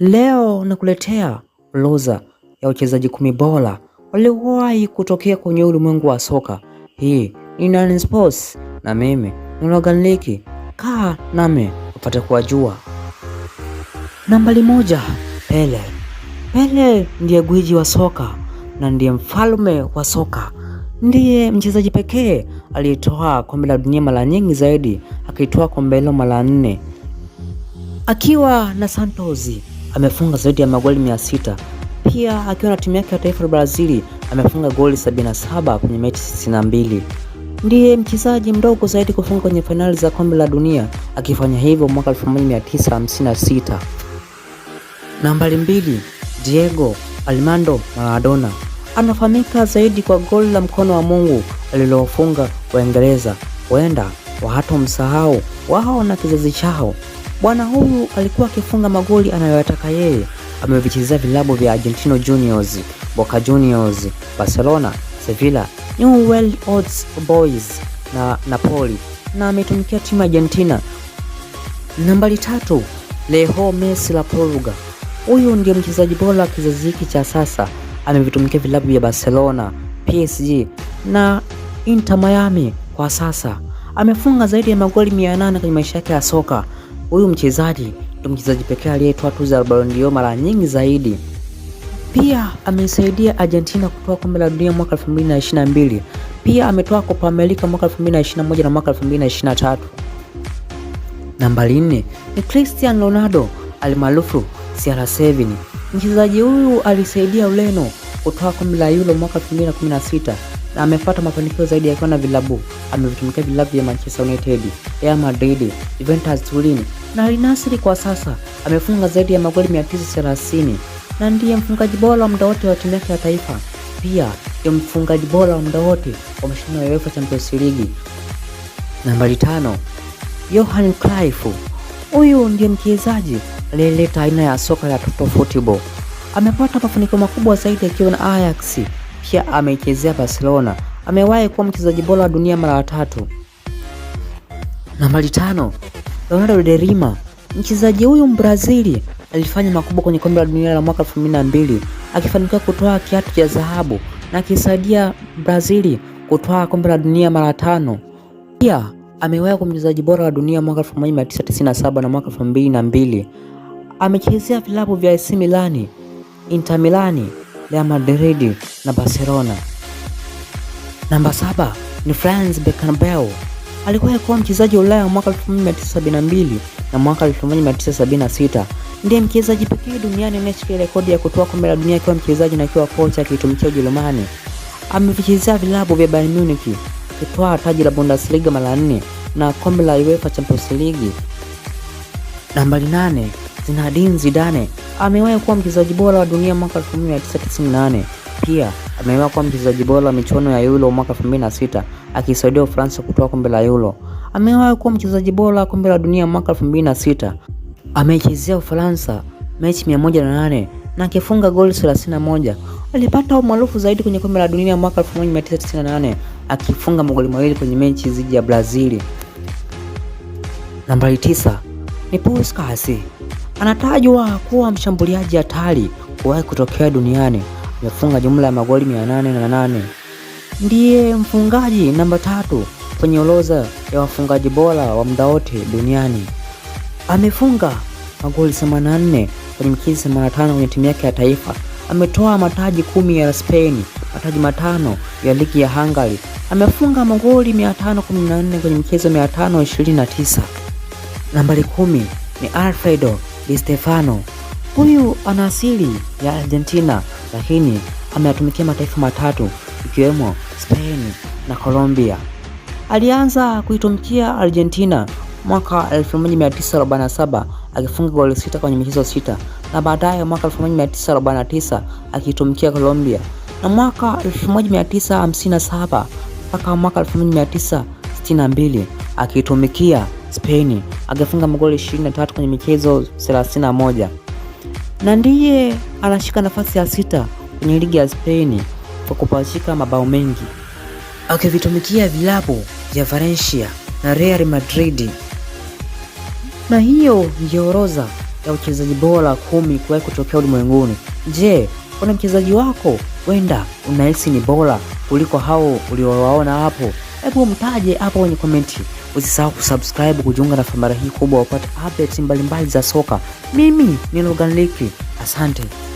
Leo nakuletea orodha ya wachezaji kumi bora waliowahi kutokea kwenye ulimwengu wa soka. Hii ni Nine Sports na mimi ni Logan Liki. Kaa nami upate kuwajua. Nambari moja, Pele. Pele ndiye gwiji wa soka na ndiye mfalme wa soka. Ndiye mchezaji pekee aliyetoa kombe la dunia mara nyingi zaidi, akitoa kombe hilo mara nne akiwa na Santos amefunga zaidi ya magoli 600. Pia akiwa na timu yake ya taifa la Brazili amefunga goli 77 kwenye mechi 62. Ndiye mchezaji mdogo zaidi kufunga kwenye fainali za kombe la dunia akifanya hivyo mwaka 1956. Nambari mbili, Diego Armando Maradona anafahamika zaidi kwa goli la mkono wa Mungu alilofunga Waingereza, huenda msahau wao na kizazi chao Bwana huyu alikuwa akifunga magoli anayoyataka yeye. Amevichezea vilabu vya Argentino Juniors, Boca Juniors, Barcelona, Sevilla, New World Old Boys na Napoli na ametumikia timu ya Argentina. Nambari tatu, Leo Messi la Portugal. Huyu ndiye mchezaji bora kizazi hiki cha sasa. Amevitumikia vilabu vya Barcelona, PSG na Inter Miami. Kwa sasa amefunga zaidi ya magoli 800 kwenye maisha yake ya soka. Huyu mchezaji ndo mchezaji pekee aliyetoa tuzo ya Ballon d'Or mara nyingi zaidi. Pia amesaidia Argentina kutoa kombe la dunia mwaka 2022. Pia ametoa Copa America mwaka 2021 na mwaka 2023. Nambari 4 ni Cristiano Ronaldo almaarufu CR7. Mchezaji huyu alisaidia Ureno kutoa kombe la Euro mwaka 2016 na amepata mafanikio zaidi akiwa na vilabu. Amevitumikia vilabu vya Manchester United, Real Madrid, Juventus Turin na Al Nassr. Kwa sasa amefunga zaidi ya magoli 930 na ndiye mfungaji bora wa muda wote wa timu yake ya taifa. Pia ndiye mfungaji bora wa muda wote wa mashindano ya UEFA Champions League. Nambari tano, Johan Cruyff. Huyu ndiye mchezaji aliyeleta aina ya soka la total football. Amepata mafanikio makubwa zaidi akiwa na Ajax pia ameichezea Barcelona. Amewahi kuwa mchezaji bora wa dunia mara tatu. Nambari tano, Ronaldo de Lima. Mchezaji huyu Mbrazili alifanya makubwa kwenye kombe la dunia la mwaka 2002 akifanikiwa kutoa kiatu cha dhahabu na akisaidia Brazili kutoa kombe la dunia mara tano. Pia amewahi kuwa mchezaji bora wa dunia mwaka 1997 na mwaka 2002. Amechezea vilabu vya AC Milan, Inter Milan, Real Madrid na Barcelona. Namba saba ni Franz Beckenbauer. Aliwahi kuwa mchezaji wa Ulaya mwaka 1972 na mwaka 1976. Ndiye mchezaji pekee duniani anayeshikilia rekodi ya kutoa kombe la dunia akiwa mchezaji na akiwa kocha akitumikia Ujerumani. Amevichezea vilabu vya Bayern Munich, kutoa taji la Bundesliga mara nne na kombe la UEFA Champions League. Namba nane Zinedine Zidane amewahi kuwa mchezaji bora wa dunia mwaka 1998 pia ameiwa kuwa mchezaji bora wa michuano ya Euro mwaka 2006 akisaidia Ufaransa kutoa kombe la Euro. Amewahi kuwa mchezaji bora kombe la dunia mwaka 2006. Amechezea Ufaransa mechi 108 na akifunga goli 31. Alipata umaarufu zaidi kwenye kombe la dunia mwaka 1998 akifunga magoli mawili kwenye mechi dhidi ya Brazil. Nambari tisa ni Puskas. Anatajwa kuwa mshambuliaji hatari kuwahi kutokea duniani amefunga jumla ya magoli 808. Ndiye mfungaji namba tatu kwenye orodha ya wafungaji bora wa muda wote duniani. Amefunga magoli 84 kwenye michezo 85 kwenye timu yake ya taifa. Ametoa mataji kumi ya Spain, mataji matano ya ligi ya Hungary. Amefunga magoli 514 kwenye michezo 529. Nambari kumi ni Alfredo Di Stefano. Huyu ana asili ya Argentina lakini ameyatumikia mataifa matatu ikiwemo Spain na Colombia. Alianza kuitumikia Argentina mwaka 1947 akifunga goli sita kwenye michezo sita na baadaye mwaka 1949 akiitumikia Colombia na mwaka 1957 mpaka mwaka 1962 akiitumikia Spain akifunga magoli 23 kwenye michezo 31 na ndiye anashika nafasi ya sita kwenye ligi ya Spain kwa kupachika mabao mengi akivitumikia vilabu vya Valencia na Real Madrid. Na hiyo ndiyo orodha ya wachezaji bora kumi kuwahi kutokea ulimwenguni. Je, kuna mchezaji wako wenda unahisi ni bora kuliko hao uliowaona hapo? hebu mtaje hapo kwenye komenti. Usisahau kusubscribe kujiunga na familia hii kubwa, upate updates mbalimbali za soka. Mimi ni Logan Lake, asante.